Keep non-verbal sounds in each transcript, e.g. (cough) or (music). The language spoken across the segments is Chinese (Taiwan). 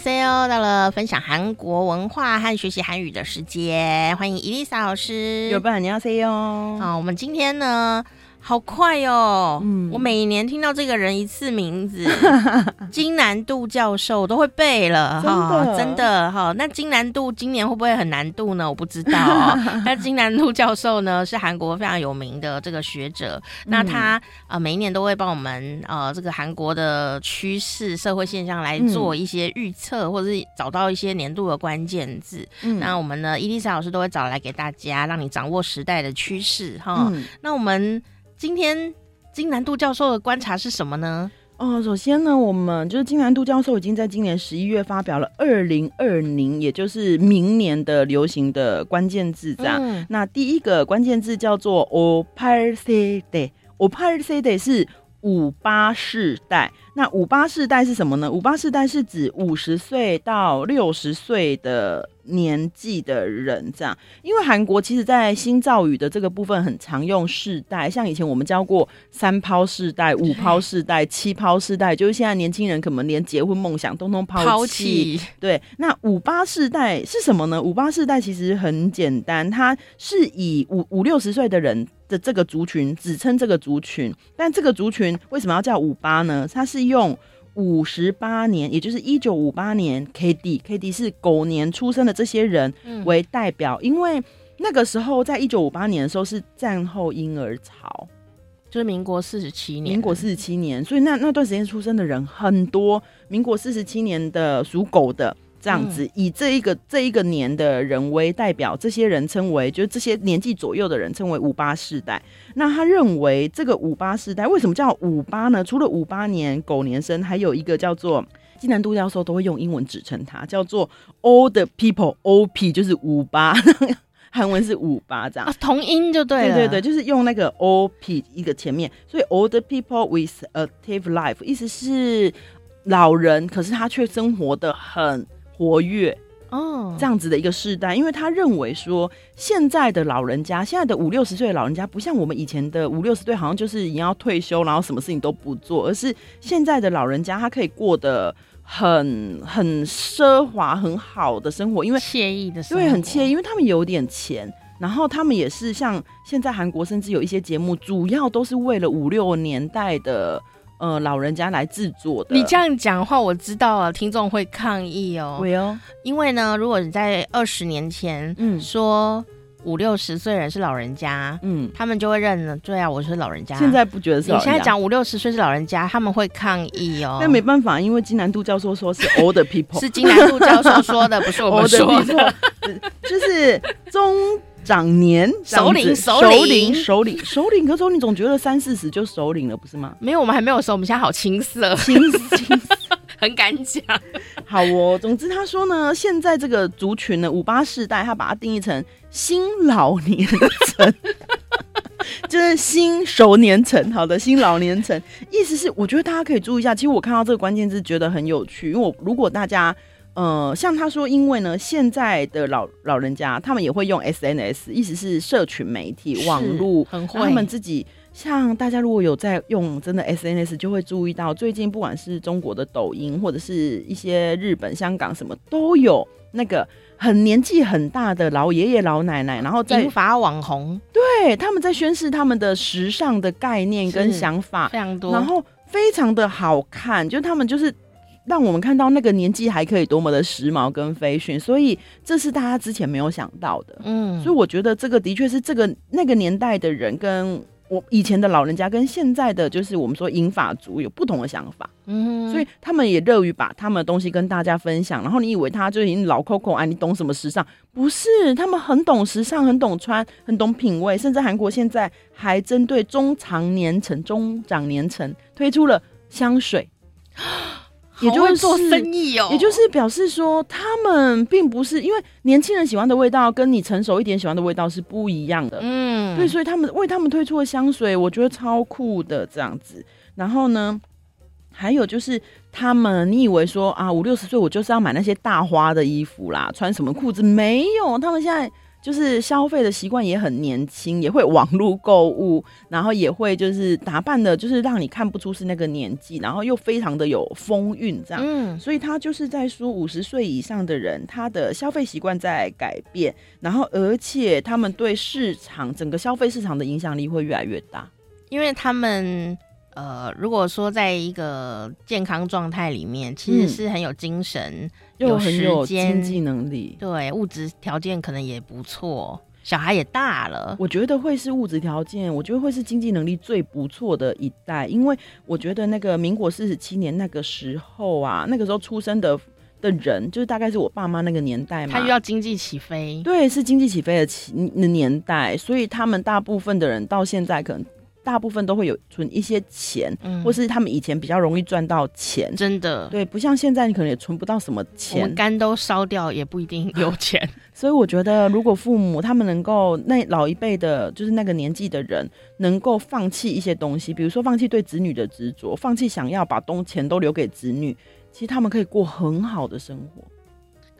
C E O 到了分享韓國文化和學習韓語的時間，歡迎伊麗莎老師，有辦法你要 C E O 哦。好，我們今天呢？好快哦！嗯、我每年聽到這個人一次名字 (laughs) 金南度教授，我都會背了哈的、哦，真的哈、哦。那金南度今年會不會很難度呢？我不知道、哦。 (laughs) 那金南度教授呢，是韓國非常有名的這個學者。嗯、那他啊、呃，每一年都會幫我們呃，這個韓國的趨勢、社會現象來做一些預測，嗯、或者是找到一些年度的關鍵字。嗯、那我們呢，伊麗莎老師都會找來給大家，讓你掌握時代的趨勢哈。哦嗯、那我們。今天金南度教授的觀察是什麼呢？哦，首先呢，我們就是金南度教授已經在今年十一月發表了二零二零，也就是明年的流行的關鍵字這樣。嗯。那第一個關鍵字叫做“오팔세대”，“오팔세대”是五八世代。那五八世代是什麼呢？五八世代是指五十歲到六十歲的年紀的人，這樣。因為韓國其實，在新造語的這個部分很常用世代，像以前我們教過三拋世代、五拋世代、七拋世代，就是現在年輕人可能連結婚夢想通通拋棄。拋棄。對，那五八世代是什麼呢？五八世代其實很簡單，它是以五五六十歲的人。的這個族群只稱這個族群，但這個族群為什麼要叫五八呢？它是用五十八年，也就是一九五八年 K D K D 是狗年出生的這些人為代表，嗯，因為那個時候在一九五八年的時候是戰後嬰兒潮，就是民國四十七年，民國四十七年，所以那那段時間出生的人很多，民國四十七年的屬狗的。這樣子，以這一個這一個年的人為代表，這些人稱為就是這些年紀左右的人稱為五八世代。那他認為這個五八世代為什麼叫五八呢？除了五八年狗年生，還有一個叫做金南度教授都會用英文指稱他叫做 Old People O P 就是五八，韓文是五八這樣啊，同音就對了。對，對對，就是用那個 O P 一個前面，所以 Old People with Active Life 意思是老人，可是他卻生活得很。活躍哦，這樣子的一個世代，oh. 因為他認為說現在的老人家，現在的五六十歲的老人家，不像我們以前的五六十歲，好像就是已經要退休，然後什麼事情都不做，而是現在的老人家，他可以過得很很奢華、很好的生活，因為愜意的，對，很愜意，因為他們有點錢，然後他們也是像現在韓國，甚至有一些節目，主要都是為了五六年代的。呃，老人家來製作的。你這樣講的話，我知道啊，聽眾會抗議哦、喔。哦，會哦因為呢，如果你在二十年前，嗯，說五六十歲人是老人家，嗯，他們就會認了。對啊，我是老人家。現在不覺得是老人家。你現在講五六十歲是老人家，他們會抗議哦、喔。那沒辦法，因為金南度教授說是 old people， (laughs) 是金南度教授說的，不是我們說的。就是中。長年首領，首領，首領，首領，首領，可，首領總覺得三四十就首領了，不是嗎？沒有，我們還沒有熟。我們現在好青澀，青澀， (laughs) 很敢講講。好哦，總之他說呢，現在這個族群呢，五八世代，他把它定義成新老年層， (laughs) 就是新熟年層。好的，新老年層， (laughs) 意思是我覺得大家可以注意一下。其實我看到這個關鍵字覺得很有趣，因為我如果大家。呃，像他說，因為呢，現在的老老人家他們也會用 S N S，意思是社群媒體網絡，很會，他們自己像大家如果有在用真的 S N S，就會注意到最近不管是中國的抖音，或者是一些日本、香港什麼都有那個很年紀很大的老爺爺老奶奶，然後在引發網紅，對、對，他們在宣示他們的時尚的概念跟想法非常多，然後非常的好看，就他們就是。讓我們看到那個年紀還可以多麼的時髦跟飛訊，所以這是大家之前沒有想到的。嗯，所以我覺得這個的確是這個那個年代的人跟我以前的老人家跟現在的就是我們說銀髮族有不同的想法。嗯哼，所以他們也樂於把他們的東西跟大家分享。然後你以為他就已經老扣扣，啊，你懂什麼時尚？不是，他們很懂時尚，很懂穿，很懂品味。甚至韓國現在還針對中長年層、中長年層推出了香水。也就是，會做生意哦、也就是表示說，他們並不是因為年輕人喜歡的味道，跟你成熟一點喜歡的味道是不一樣的。嗯，對，所以他們為他們推出的香水，我覺得超酷的這樣子。然後呢，還有就是他們，你以為說啊，五六十歲我就是要買那些大花的衣服啦，穿什麼褲子？沒有，他們現在。就是消費的習慣也很年輕，也會網絡購物，然後也會就是打扮的，就是讓你看不出是那個年紀，然後又非常的有風韻這樣。嗯，所以他就是在說五十歲以上的人，他的消費習慣在改變，然後而且他們對市場整個消費市場的影響力會越來越大，因為他們。呃，如果說在一個健康狀態裡面，其實是很有精神，嗯、有時間、經濟能力，對物質條件可能也不錯，小孩也大了。我覺得會是物質條件，我覺得會是經濟能力最不錯的一代，因為我覺得那個民國四十七年那個時候啊，那個時候出生的的人，就是大概是我爸媽那個年代嘛，他又要經濟起飛，對，是經濟起飛的起的年代，所以他們大部分的人到現在可能，大部分都會有存一些錢，嗯、或是他們以前比較容易賺到錢，真的對，不像現在你可能也存不到什麼錢，肝都燒掉也不一定有錢。 (laughs) 所以我覺得，如果父母他們能夠那老一輩的，就是那個年紀的人，能夠放棄一些東西，比如說放棄對子女的執着，放棄想要把東西都留給子女，其實他們可以過很好的生活。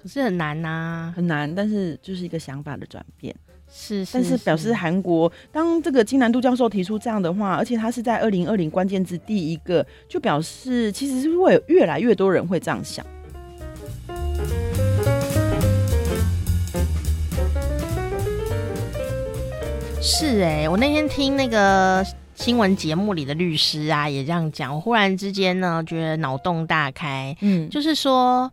可是很難吶、啊，很難，但是就是一個想法的轉變。是，是，但是表示韓國當這個金南度教授提出這樣的話，而且他是在二零二零關鍵字第一個，就表示其實會有越來越多人會這樣想，是哎、欸，我那天聽那個新聞節目裡的律師啊，也這樣講，我忽然之間呢覺得腦洞大開，嗯，就是說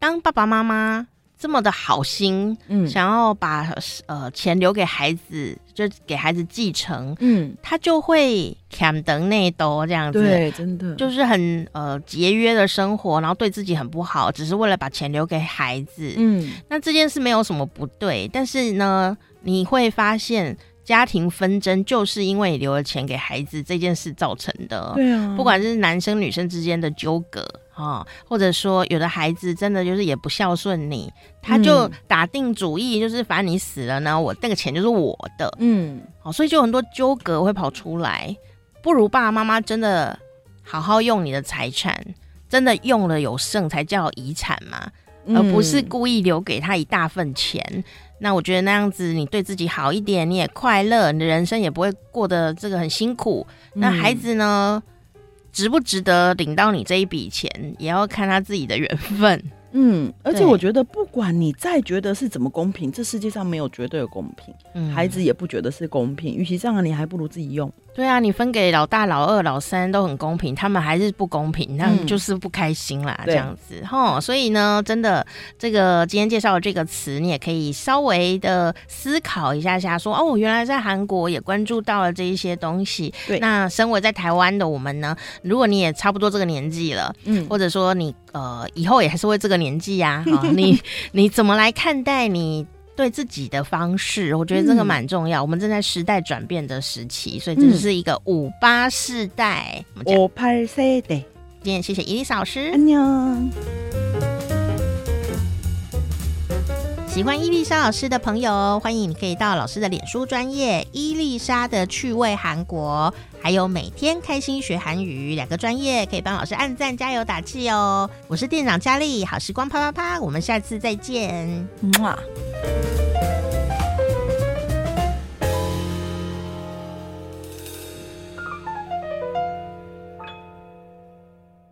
當爸爸媽媽。這麼的好心，嗯，想要把呃錢留給孩子，就給孩子繼承，嗯，他就會卡門內鬥這樣子，對，真的就是很呃節約的生活，然後對自己很不好，只是為了把錢留給孩子，嗯，那這件事沒有什麼不對，但是呢，你會發現家庭紛爭就是因為你留了錢給孩子這件事造成的，對啊，不管是男生女生之間的糾葛。哦，或者說有的孩子真的就是也不孝順你，他就打定主意，嗯、就是反正你死了呢，我那個錢就是我的，嗯，好、哦，所以就很多糾葛會跑出來。不如爸爸媽媽真的好好用你的財產，真的用了有剩才叫遺產嘛，而不是故意留給他一大份錢。嗯、那我覺得那樣子你對自己好一點，你也快樂，你的人生也不會過得這個很辛苦。嗯、那孩子呢？值不值得領到你這一筆錢，也要看他自己的緣分。嗯，對而且我覺得，不管你再覺得是怎麼公平，這世界上沒有絕對的公平。嗯，孩子也不覺得是公平，與其這樣，你還不如自己用。對啊，你分給老大、老二、老三都很公平，他們還是不公平，那就是不開心啦，嗯、這樣子齁對。所以呢，真的，這個今天介紹的這個詞，你也可以稍微的思考一下下說，說哦，我原來在韓國也關注到了這一些東西。對那身為在台灣的我們呢，如果你也差不多這個年紀了，嗯、或者說你呃以後也還是會這個年紀呀、啊，哈， (laughs) 你你怎麼來看待你？對自己的方式，我覺得這個蠻重要。嗯、我們正在時代轉變的時期，嗯、所以這是一個五八世代。五八世代，講今天謝謝伊麗莎老師。喜歡伊麗莎老師的朋友，歡迎你可以到老師的臉書專頁“伊麗莎的趣味韓國”，還有“每天開心學韓語”兩個專業，可以幫老師按讚加油打氣哦。我是店長佳麗，好時光啪啪啪，我們下次再見。嗯啊。